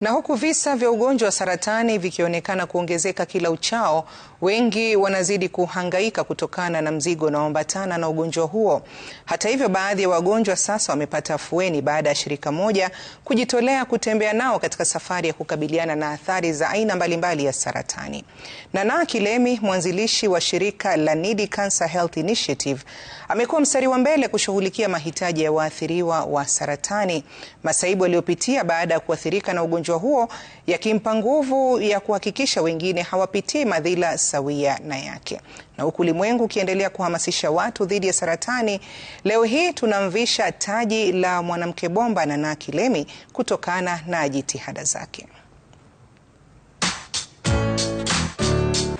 Na huku visa vya ugonjwa wa saratani vikionekana kuongezeka kila uchao, wengi wanazidi kuhangaika kutokana na mzigo unaoambatana na ugonjwa huo. Hata hivyo, baadhi ya wagonjwa sasa wamepata afueni baada ya shirika moja kujitolea kutembea nao katika safari ya kukabiliana na athari za aina mbalimbali ya saratani. Nana Kilemi, mwanzilishi wa shirika la Needy Cancer Health Initiative, amekuwa mstari wa mbele kushughulikia mahitaji ya waathiriwa wa saratani. Masaibu aliyopitia baada ya kuathirika na ugonjwa ugonjwa huo yakimpa nguvu ya kuhakikisha wengine hawapitii madhila sawia na yake. Na huku ulimwengu ukiendelea kuhamasisha watu dhidi ya saratani, leo hii tunamvisha taji la mwanamke bomba nana Kilemi kutokana na jitihada zake.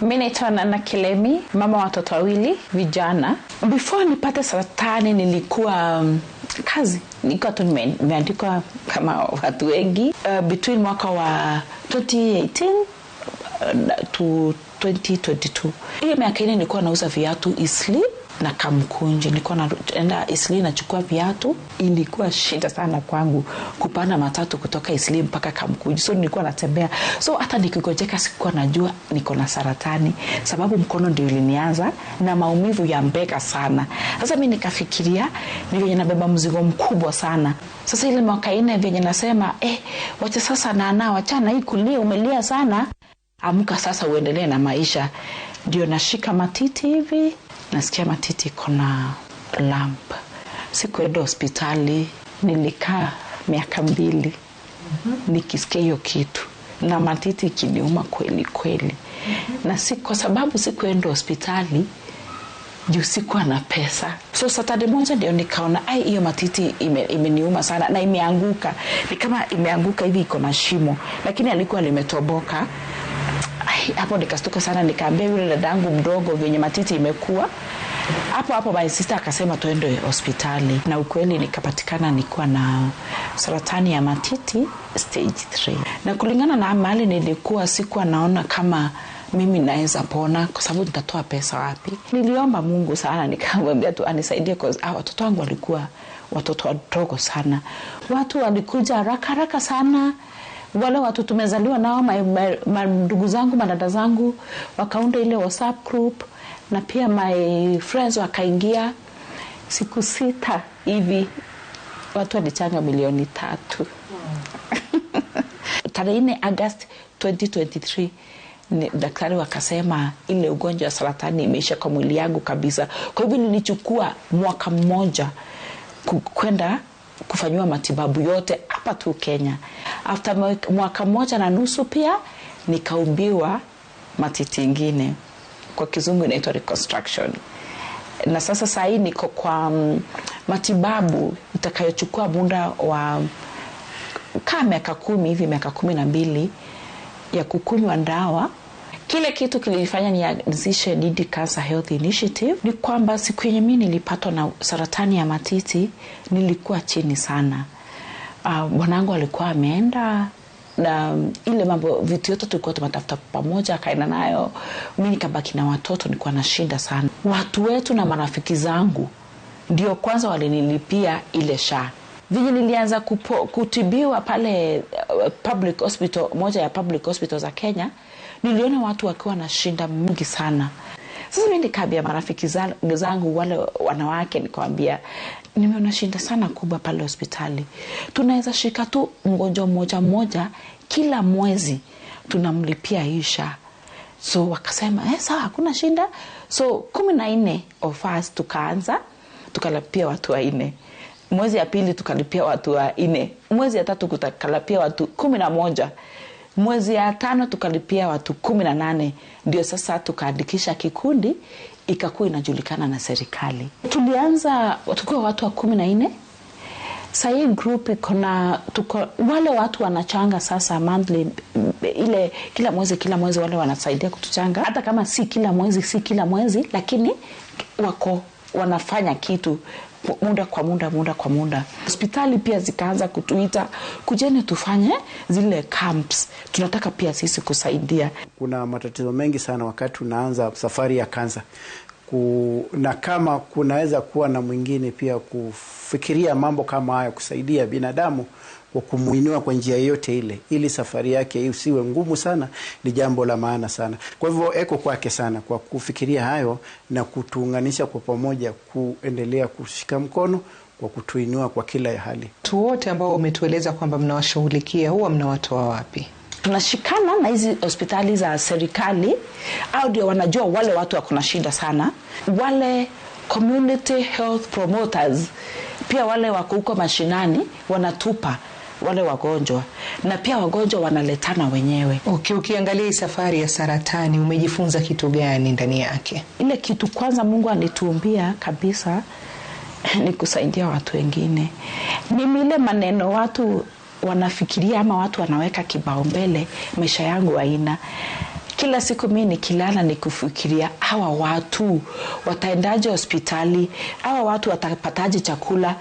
mi naitwa Nana Kilemi, mama watoto wawili vijana. Before nipate saratani nilikuwa um, kazi nilikuwa tu nimeandikwa kama watu wengi uh, between mwaka wa 2018 uh, to 2022. hiyo miaka ine nilikuwa nauza viatu Eastleigh na kamkunje. Nilikuwa naenda Isli nachukua viatu, ilikuwa shida sana kwangu kupanda matatu kutoka Isli mpaka Kamkunje, so nilikuwa natembea. So hata nikigojeka sikuwa najua niko na saratani, sababu mkono ndio ilinianza na maumivu ya mbega sana. Sasa mi nikafikiria ni venye nabeba mzigo mkubwa sana. Sasa ile mwaka ine venye nasema eh, wacha sasa, Nana, wachana hii kulia, umelia sana, amka sasa uendelee na maisha. Ndio nashika matiti hivi nasikia matiti iko na lamp. Sikuenda hospitali, nilikaa miaka mbili mm -hmm. nikisikia hiyo kitu na matiti ikiniuma kweli kweli mm -hmm. na si kwa sababu sikuenda hospitali juu sikuwa na pesa. So satade moja ndio nikaona ai, hiyo matiti ime, sana na imeanguka, ni kama imeanguka hivi iko na shimo, lakini alikuwa limetoboka wallahi, hapo nikastuka sana, nikaambia yule dadangu mdogo vyenye matiti imekuwa hapo hapo. My sister akasema tuende hospitali, na ukweli nikapatikana nilikuwa na saratani ya matiti stage 3, na kulingana na mali nilikuwa sikuwa naona kama mimi naweza pona kwa sababu nitatoa pesa wapi? Niliomba Mungu sana, nikamwambia tu anisaidie kwa watoto wangu walikuwa watoto wadogo sana, watu walikuja haraka haraka sana wale watu tumezaliwa nao ndugu zangu madada zangu wakaunda ile WhatsApp group na pia my friends wakaingia. Siku sita hivi watu walichanga milioni tatu. Wow. Tarehe nne agasti 2023 daktari wakasema ile ugonjwa wa saratani imeisha kwa mwili yangu kabisa. Kwa hivyo nilichukua mwaka mmoja kwenda kufanyiwa matibabu yote hapa tu Kenya afta mwaka mmoja na nusu pia nikaumbiwa matiti ingine, kwa kizungu inaitwa reconstruction, na sasa sahii niko kwa mm, matibabu itakayochukua muda wa kaa miaka kumi hivi, miaka kumi na mbili ya kukunywa dawa. Kile kitu kilifanya nianzishe Health Initiative ni kwamba siku yenye mi nilipatwa na saratani ya matiti nilikuwa chini sana. Ah, bwanangu alikuwa ameenda na ile mambo vitu yote tulikuwa tumetafuta pamoja, akaenda nayo, mi nikabaki na watoto. Nilikuwa na shida sana, watu wetu na marafiki zangu ndio kwanza walinilipia ile sha vile nilianza kupo, kutibiwa pale uh, public hospital, moja ya public hospital za Kenya, niliona watu wakiwa na shinda mingi sana. Sasa mi nikaambia marafiki zangu wale wanawake, nikawambia nimeona shida sana kubwa pale hospitali tunaweza shika tu mgonjwa mmoja mmoja kila mwezi tunamlipia isha so wakasema eh, sawa hakuna shida so kumi na nne ofas tukaanza tukalipia watu wanne mwezi ya pili tukalipia watu wanne mwezi ya tatu tukalipia watu kumi na moja mwezi ya tano tukalipia watu kumi na nane ndio sasa tukaandikisha kikundi ikakuwa inajulikana na serikali. Tulianza tukiwa watu wa kumi na nne. Sahii group kona tuko wale watu wanachanga sasa monthly, ile kila mwezi kila mwezi, wale wanasaidia kutuchanga, hata kama si kila mwezi si kila mwezi, lakini wako wanafanya kitu muda kwa muda muda kwa muda. Hospitali pia zikaanza kutuita kujeni, tufanye zile camps, tunataka pia sisi kusaidia. Kuna matatizo mengi sana wakati unaanza safari ya kansa ku, na kama kunaweza kuwa na mwingine pia kufikiria mambo kama haya, kusaidia binadamu kwa kumuinua kwa njia yoyote ile, ili safari yake isiwe ngumu sana, ni jambo la maana sana. Kwa hivyo eko kwake sana kwa kufikiria hayo na kutuunganisha kwa pamoja, kuendelea kushika mkono kwa kutuinua kwa kila hali. Watu wote ambao umetueleza kwamba mnawashughulikia huwa mnawatoa wapi? Tunashikana na hizi hospitali za serikali au ndio wanajua wale watu wako na shida sana, wale community health promoters pia wale wako huko mashinani wanatupa wale wagonjwa na pia wagonjwa wanaletana wenyewe. Okay, ukiangalia hii safari ya saratani umejifunza kitu gani ndani yake? Ile kitu kwanza Mungu alituumbia kabisa ni kusaidia watu wengine. mimi ile maneno watu wanafikiria ama watu wanaweka mbele maisha yangu aina kila siku mii nikilala nikufikiria hawa watu wataendaje hospitali hawa watu watapataje chakula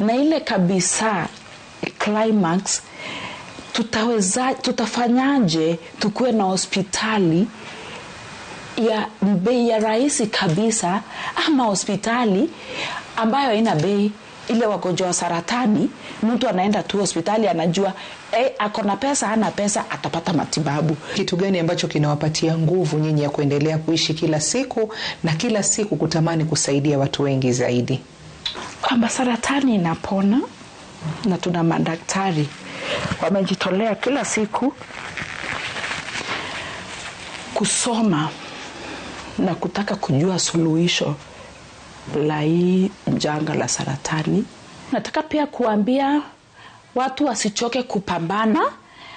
na ile kabisa climax tutaweza tutafanyaje tukuwe na hospitali ya bei ya rahisi kabisa ama hospitali ambayo haina bei ile wagonjwa wa saratani, mtu anaenda tu hospitali anajua e, ako na pesa, ana pesa, atapata matibabu. Kitu gani ambacho kinawapatia nguvu nyinyi ya kuendelea kuishi kila siku na kila siku kutamani kusaidia watu wengi zaidi? Kwamba saratani inapona na tuna madaktari wamejitolea kila siku kusoma na kutaka kujua suluhisho la hii janga la saratani. Nataka pia kuambia watu wasichoke kupambana,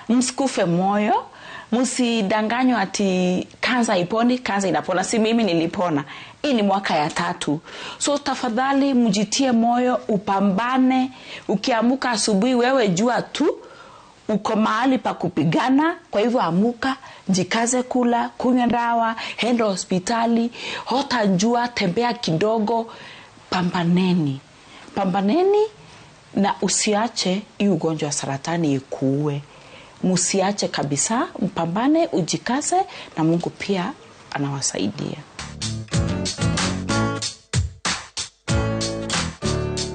msikufe moyo, msidanganywa ati kansa iponi, kansa inapona. Si mimi nilipona, hii ni mwaka ya tatu. So tafadhali mjitie moyo, upambane. Ukiamuka asubuhi, wewe jua tu uko mahali pa kupigana. Kwa hivyo amuka, jikaze, kula, kunywa dawa, henda hospitali, hota jua, tembea kidogo, pambaneni, pambaneni na usiache hii ugonjwa wa saratani ikuue. Musiache kabisa, mpambane, ujikaze, na Mungu pia anawasaidia.